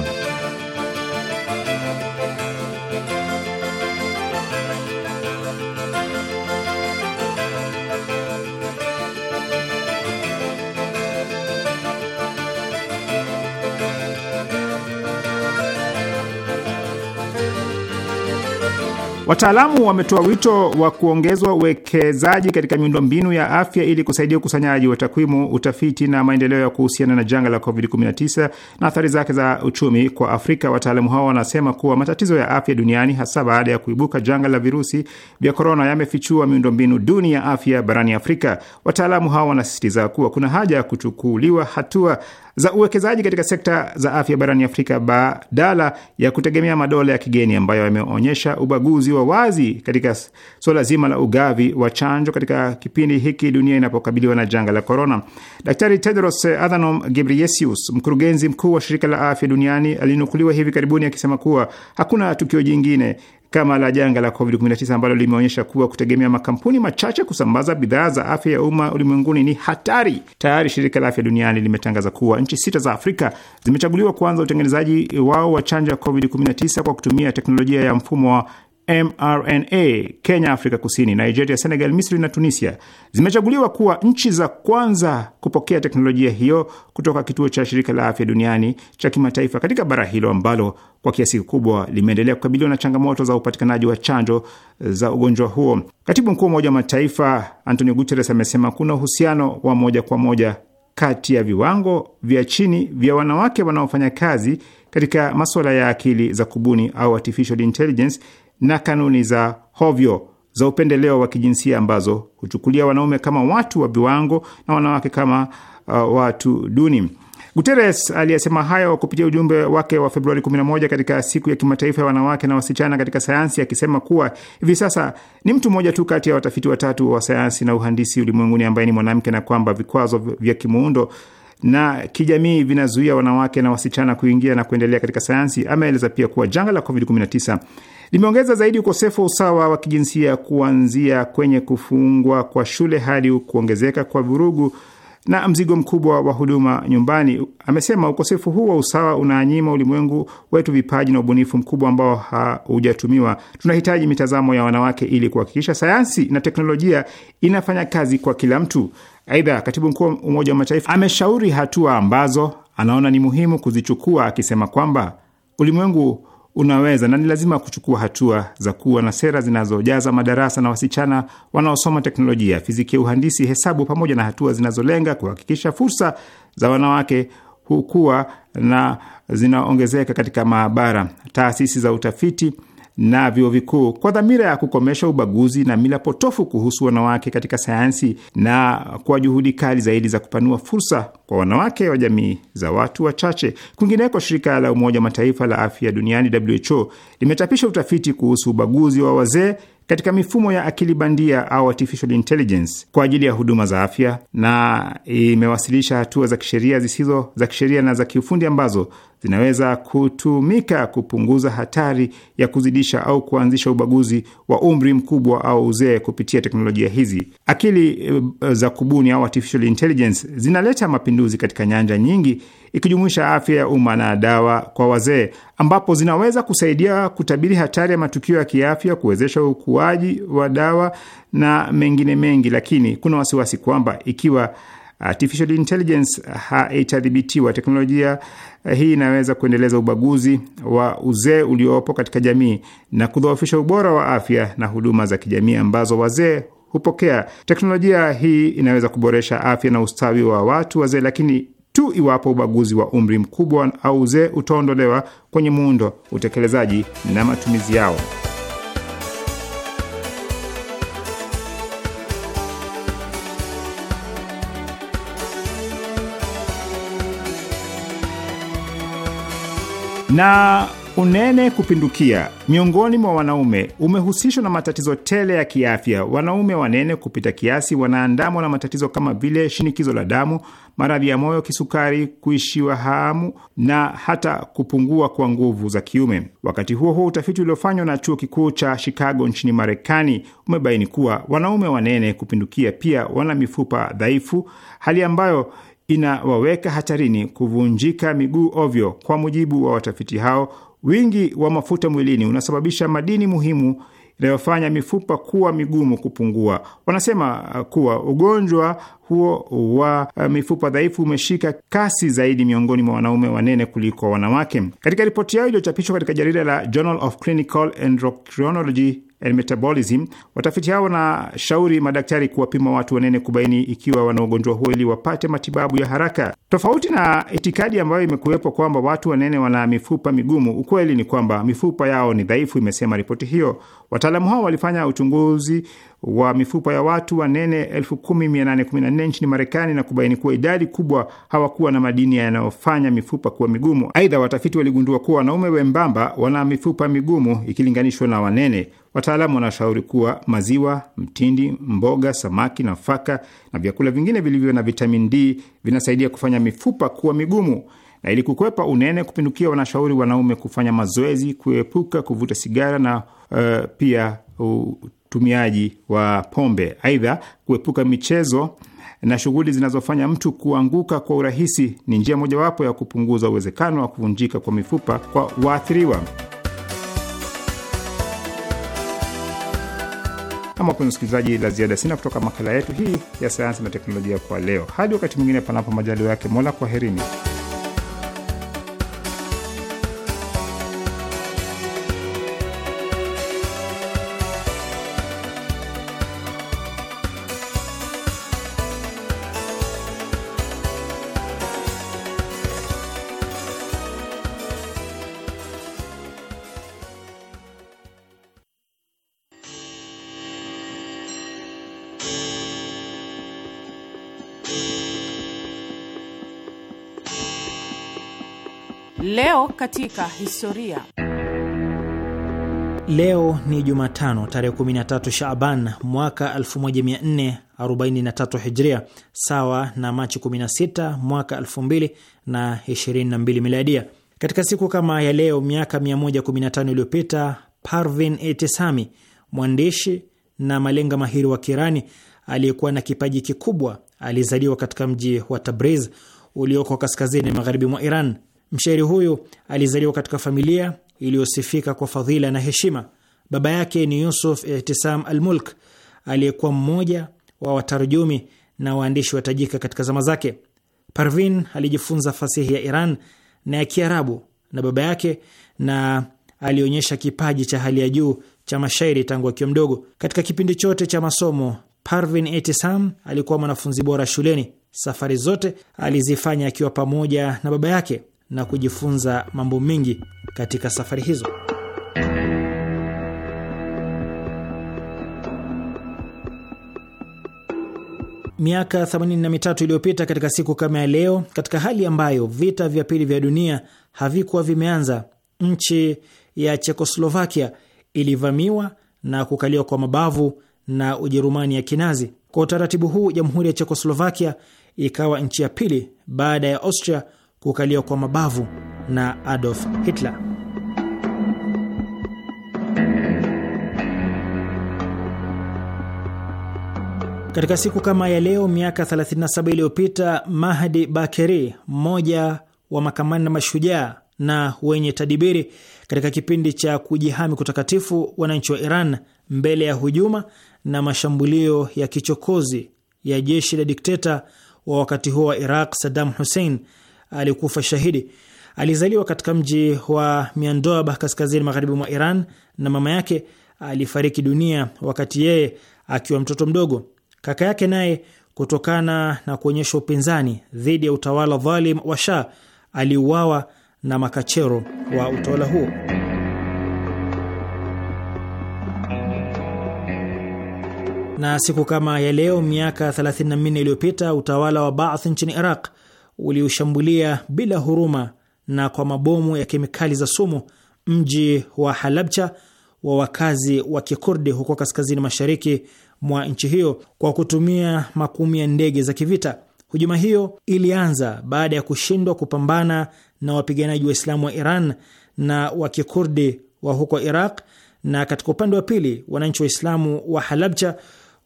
Wataalamu wametoa wito wa kuongezwa uwekezaji katika miundombinu ya afya ili kusaidia ukusanyaji wa takwimu, utafiti na maendeleo ya kuhusiana na janga la COVID-19 na athari zake za uchumi kwa Afrika. Wataalamu hao wanasema kuwa matatizo ya afya duniani, hasa baada ya kuibuka janga la virusi vya korona, yamefichua miundombinu duni ya afya barani Afrika. Wataalamu hao wanasisitiza kuwa kuna haja ya kuchukuliwa hatua za uwekezaji katika sekta za afya barani Afrika badala ya kutegemea madola ya kigeni ambayo yameonyesha ubaguzi wa wazi katika suala zima la ugavi wa chanjo katika kipindi hiki dunia inapokabiliwa na janga la korona. Daktari Tedros Adhanom Ghebreyesus, mkurugenzi mkuu wa shirika la afya duniani, alinukuliwa hivi karibuni akisema kuwa hakuna tukio jingine kama la janga la COVID-19 ambalo limeonyesha kuwa kutegemea makampuni machache kusambaza bidhaa za afya ya umma ulimwenguni ni hatari. Tayari shirika la afya duniani limetangaza kuwa nchi sita za Afrika zimechaguliwa kuanza utengenezaji wao wa chanjo ya COVID-19 kwa kutumia teknolojia ya mfumo wa mRNA, Kenya, Afrika Kusini, Nigeria, Senegal, Misri na Tunisia zimechaguliwa kuwa nchi za kwanza kupokea teknolojia hiyo kutoka kituo cha shirika la afya duniani cha kimataifa katika bara hilo ambalo kwa kiasi kikubwa limeendelea kukabiliwa na changamoto za upatikanaji wa chanjo za ugonjwa huo. Katibu mkuu wa Umoja wa Mataifa Antonio Guterres amesema kuna uhusiano wa moja kwa moja kati ya viwango vya chini vya wanawake wanaofanya kazi katika masuala ya akili za kubuni au artificial intelligence na kanuni za hovyo za upendeleo wa kijinsia ambazo huchukulia wanaume kama watu wa viwango na wanawake kama uh, watu duni. Guterres aliyesema hayo kupitia ujumbe wake wa Februari 11 katika siku ya kimataifa ya wanawake na wasichana katika sayansi, akisema kuwa hivi sasa ni mtu mmoja tu kati ya watafiti watatu wa sayansi na uhandisi ulimwenguni ambaye ni mwanamke, na kwamba vikwazo vya kimuundo na kijamii vinazuia wanawake na wasichana kuingia na kuendelea katika sayansi. Ameeleza pia kuwa janga la COVID-19 limeongeza zaidi ukosefu wa usawa wa kijinsia, kuanzia kwenye kufungwa kwa shule hadi kuongezeka kwa vurugu na mzigo mkubwa wa huduma nyumbani. Amesema ukosefu huu wa usawa unaanyima ulimwengu wetu vipaji na ubunifu mkubwa ambao haujatumiwa. Tunahitaji mitazamo ya wanawake ili kuhakikisha sayansi na teknolojia inafanya kazi kwa kila mtu. Aidha, katibu mkuu wa Umoja wa Mataifa ameshauri hatua ambazo anaona ni muhimu kuzichukua, akisema kwamba ulimwengu unaweza na ni lazima kuchukua hatua za kuwa na sera zinazojaza madarasa na wasichana wanaosoma teknolojia, fizikia, uhandisi, hesabu, pamoja na hatua zinazolenga kuhakikisha fursa za wanawake hukua na zinaongezeka katika maabara, taasisi za utafiti na vyuo vikuu kwa dhamira ya kukomesha ubaguzi na mila potofu kuhusu wanawake katika sayansi na kwa juhudi kali zaidi za kupanua fursa kwa wanawake wa jamii za watu wachache. Kwingineko, shirika la Umoja wa Mataifa la afya duniani WHO limechapisha utafiti kuhusu ubaguzi wa wazee katika mifumo ya akili bandia au artificial intelligence kwa ajili ya huduma za afya, na imewasilisha hatua za kisheria, zisizo za kisheria na za kiufundi ambazo zinaweza kutumika kupunguza hatari ya kuzidisha au kuanzisha ubaguzi wa umri mkubwa au uzee kupitia teknolojia hizi. Akili eh, za kubuni au artificial intelligence zinaleta mapinduzi mapinduzi katika nyanja nyingi ikijumuisha afya ya umma na dawa kwa wazee, ambapo zinaweza kusaidia kutabiri hatari ya matukio ya kiafya, kuwezesha ukuaji wa dawa na mengine mengi. Lakini kuna wasiwasi kwamba ikiwa artificial intelligence haitadhibitiwa, teknolojia eh, hii inaweza kuendeleza ubaguzi wa uzee uliopo katika jamii na kudhoofisha ubora wa afya na huduma za kijamii ambazo wazee hupokea. Teknolojia hii inaweza kuboresha afya na ustawi wa watu wazee, lakini tu iwapo ubaguzi wa umri mkubwa au uzee utaondolewa kwenye muundo, utekelezaji na matumizi yao. na Unene kupindukia miongoni mwa wanaume umehusishwa na matatizo tele ya kiafya. Wanaume wanene kupita kiasi wanaandamwa na matatizo kama vile shinikizo la damu, maradhi ya moyo, kisukari, kuishiwa hamu na hata kupungua kwa nguvu za kiume. Wakati huo huo, utafiti uliofanywa na chuo kikuu cha Chicago nchini Marekani umebaini kuwa wanaume wanene kupindukia pia wana mifupa dhaifu, hali ambayo inawaweka hatarini kuvunjika miguu ovyo. Kwa mujibu wa watafiti hao Wingi wa mafuta mwilini unasababisha madini muhimu inayofanya mifupa kuwa migumu kupungua. Wanasema kuwa ugonjwa huo wa mifupa dhaifu umeshika kasi zaidi miongoni mwa wanaume wanene kuliko wanawake. Katika ripoti yao iliyochapishwa katika jarida la Journal of Clinical Endocrinology and Metabolism. Watafiti hao wanashauri madaktari kuwapima watu wanene kubaini ikiwa wana ugonjwa huo ili wapate matibabu ya haraka. Tofauti na itikadi ambayo imekuwepo kwamba watu wanene wana mifupa migumu, ukweli ni kwamba mifupa yao ni dhaifu, imesema ripoti hiyo. Wataalamu hao walifanya uchunguzi wa mifupa ya watu wanene 10814 nchini Marekani na kubaini kuwa idadi kubwa hawakuwa na madini yanayofanya mifupa kuwa migumu. Aidha, watafiti waligundua kuwa wanaume wembamba wana mifupa migumu ikilinganishwa na wanene. Wataalamu wanashauri kuwa maziwa, mtindi, mboga, samaki, nafaka na vyakula vingine vilivyo na vitamin D vinasaidia kufanya mifupa kuwa migumu. Na ili kukwepa unene kupindukia, wanashauri wanaume kufanya mazoezi, kuepuka kuvuta sigara na uh, pia uh, utumiaji wa pombe. Aidha, kuepuka michezo na shughuli zinazofanya mtu kuanguka kwa urahisi ni njia mojawapo ya kupunguza uwezekano wa kuvunjika kwa mifupa kwa waathiriwa. Ama wapenzi usikilizaji la ziada sina kutoka makala yetu hii ya sayansi na teknolojia kwa leo. Hadi wakati mwingine, panapo majaliwa yake Mola, kwaherini. Leo katika historia. Leo ni Jumatano tarehe 13 Shaban mwaka 1443 Hijria, sawa na Machi 16 mwaka 2022 Miladia. Katika siku kama ya leo miaka 115 iliyopita, Parvin Etesami, mwandishi na malenga mahiri wa Kirani aliyekuwa na kipaji kikubwa, alizaliwa katika mji wa Tabriz ulioko kaskazini magharibi mwa Iran. Mshairi huyu alizaliwa katika familia iliyosifika kwa fadhila na heshima. Baba yake ni Yusuf Ihtisam Almulk aliyekuwa mmoja wa watarjumi na waandishi wa tajika katika zama zake. Parvin alijifunza fasihi ya Iran na ya Kiarabu na baba yake na alionyesha kipaji cha hali ya juu cha mashairi tangu akiwa mdogo. Katika kipindi chote cha masomo, Parvin Etisam alikuwa mwanafunzi bora shuleni. Safari zote alizifanya akiwa pamoja na baba yake na kujifunza mambo mengi katika safari hizo. Miaka 83 iliyopita katika siku kama ya leo, katika hali ambayo vita vya pili vya dunia havikuwa vimeanza, nchi ya Chekoslovakia ilivamiwa na kukaliwa kwa mabavu na Ujerumani ya Kinazi. Kwa utaratibu huu, jamhuri ya Chekoslovakia ikawa nchi ya pili baada ya Austria kukaliwa kwa mabavu na Adolf Hitler. Katika siku kama ya leo miaka 37 iliyopita Mahdi Bakeri, mmoja wa makamanda mashujaa na wenye tadibiri katika kipindi cha kujihami kutakatifu wananchi wa Iran mbele ya hujuma na mashambulio ya kichokozi ya jeshi la dikteta wa wakati huo wa Iraq Saddam Hussein alikufa shahidi. Alizaliwa katika mji wa Miandoab kaskazini magharibi mwa Iran na mama yake alifariki dunia wakati yeye akiwa mtoto mdogo. Kaka yake naye, kutokana na kuonyesha upinzani dhidi ya utawala dhalim wa Shah, aliuawa na makachero wa utawala huo. Na siku kama ya leo miaka 34 iliyopita utawala wa Baath nchini Iraq ulioshambulia bila huruma na kwa mabomu ya kemikali za sumu mji wa Halabcha wa wakazi wa Kikurdi huko kaskazini mashariki mwa nchi hiyo kwa kutumia makumi ya ndege za kivita. Hujuma hiyo ilianza baada ya kushindwa kupambana na wapiganaji wa islamu wa Iran na wa Kikurdi wa huko Iraq, na katika upande wa pili wananchi Waislamu wa Halabcha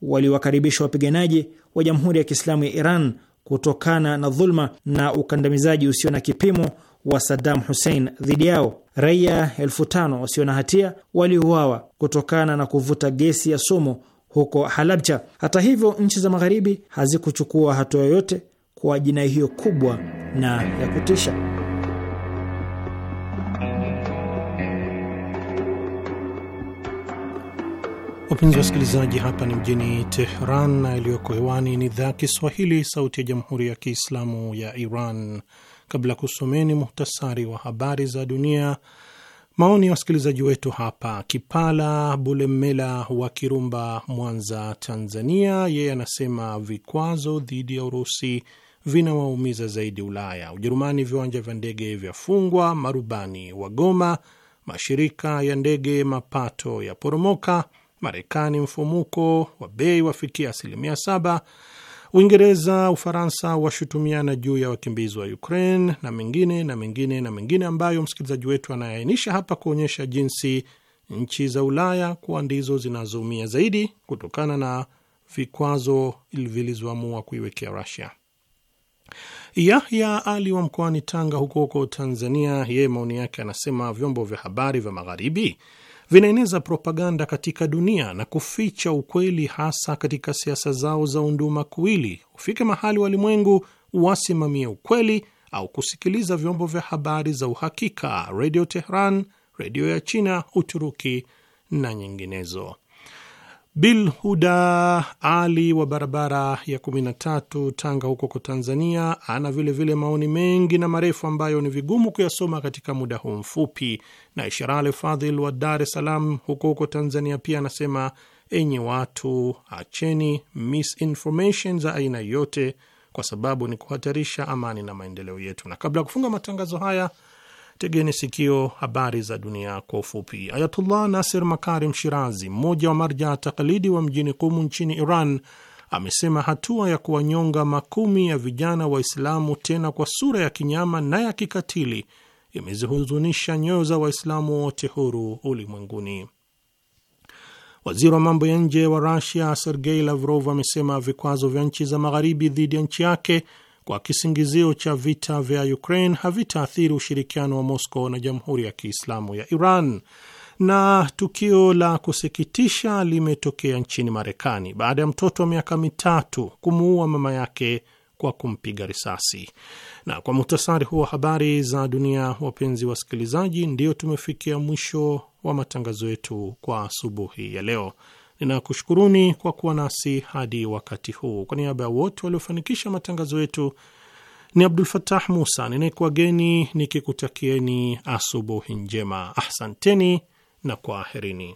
waliwakaribisha wapiganaji wa Jamhuri ya Kiislamu ya Iran kutokana na dhulma na ukandamizaji usio na kipimo wa Saddam Hussein dhidi yao. Raia elfu tano wasio na hatia waliuawa kutokana na kuvuta gesi ya sumu huko Halabja. Hata hivyo, nchi za magharibi hazikuchukua hatua yoyote kwa jinai hiyo kubwa na ya kutisha. Wapenzi wasikilizaji, hapa ni mjini Tehran na iliyoko hewani ni idhaa Kiswahili sauti ya jamhuri ya Kiislamu ya Iran. Kabla ya kusomeni muhtasari wa habari za dunia, maoni ya wasikilizaji wetu hapa. Kipala Bulemela wa Kirumba, Mwanza, Tanzania, yeye anasema vikwazo dhidi ya Urusi vinawaumiza zaidi Ulaya. Ujerumani, viwanja vya ndege vyafungwa, marubani wagoma, mashirika ya ndege mapato yaporomoka Marekani mfumuko wa bei wafikia asilimia saba. Uingereza, Ufaransa washutumiana juu ya wakimbizi wa Ukraine na mengine na mengine na mengine ambayo msikilizaji wetu anayeainisha hapa kuonyesha jinsi nchi za Ulaya kuwa ndizo zinazoumia zaidi kutokana na vikwazo vilizoamua kuiwekea rasia Yahya Ali wa mkoani Tanga huko huko Tanzania, yeye maoni yake anasema vyombo vya habari vya Magharibi vinaeneza propaganda katika dunia na kuficha ukweli, hasa katika siasa zao za unduma kuili ufike mahali walimwengu wasimamie ukweli au kusikiliza vyombo vya habari za uhakika, Redio Tehran, redio ya China, Uturuki na nyinginezo. Bilhuda Ali wa barabara ya 13 Tanga huko kwa Tanzania ana vilevile vile maoni mengi na marefu ambayo ni vigumu kuyasoma katika muda huu mfupi. Na Ishirale Fadhil wa Dar es Salaam huko huko Tanzania pia anasema, enyi watu, acheni misinformation za aina yote, kwa sababu ni kuhatarisha amani na maendeleo yetu. Na kabla ya kufunga matangazo haya Tegeni sikio habari za dunia kwa ufupi. Ayatullah Nasir Makarim Shirazi, mmoja wa marja taklidi wa mjini Kumu nchini Iran, amesema hatua ya kuwanyonga makumi ya vijana Waislamu tena kwa sura ya kinyama na ya kikatili imezihuzunisha nyoyo za Waislamu wote huru ulimwenguni. Waziri wa mambo ya nje wa Rusia Sergei Lavrov amesema vikwazo vya nchi za magharibi dhidi ya nchi yake kwa kisingizio cha vita vya Ukraine havitaathiri ushirikiano wa Moscow na Jamhuri ya Kiislamu ya Iran. Na tukio la kusikitisha limetokea nchini Marekani baada ya mtoto wa miaka mitatu kumuua mama yake kwa kumpiga risasi. Na kwa muhtasari huo habari za dunia, wapenzi wasikilizaji, ndio tumefikia mwisho wa matangazo yetu kwa asubuhi ya leo. Ninakushukuruni kwa kuwa nasi hadi wakati huu. Kwa niaba ya wote waliofanikisha matangazo yetu, ni Abdul Fatah Musa ninayekuwageni nikikutakieni asubuhi njema. Ahsanteni na kwaherini.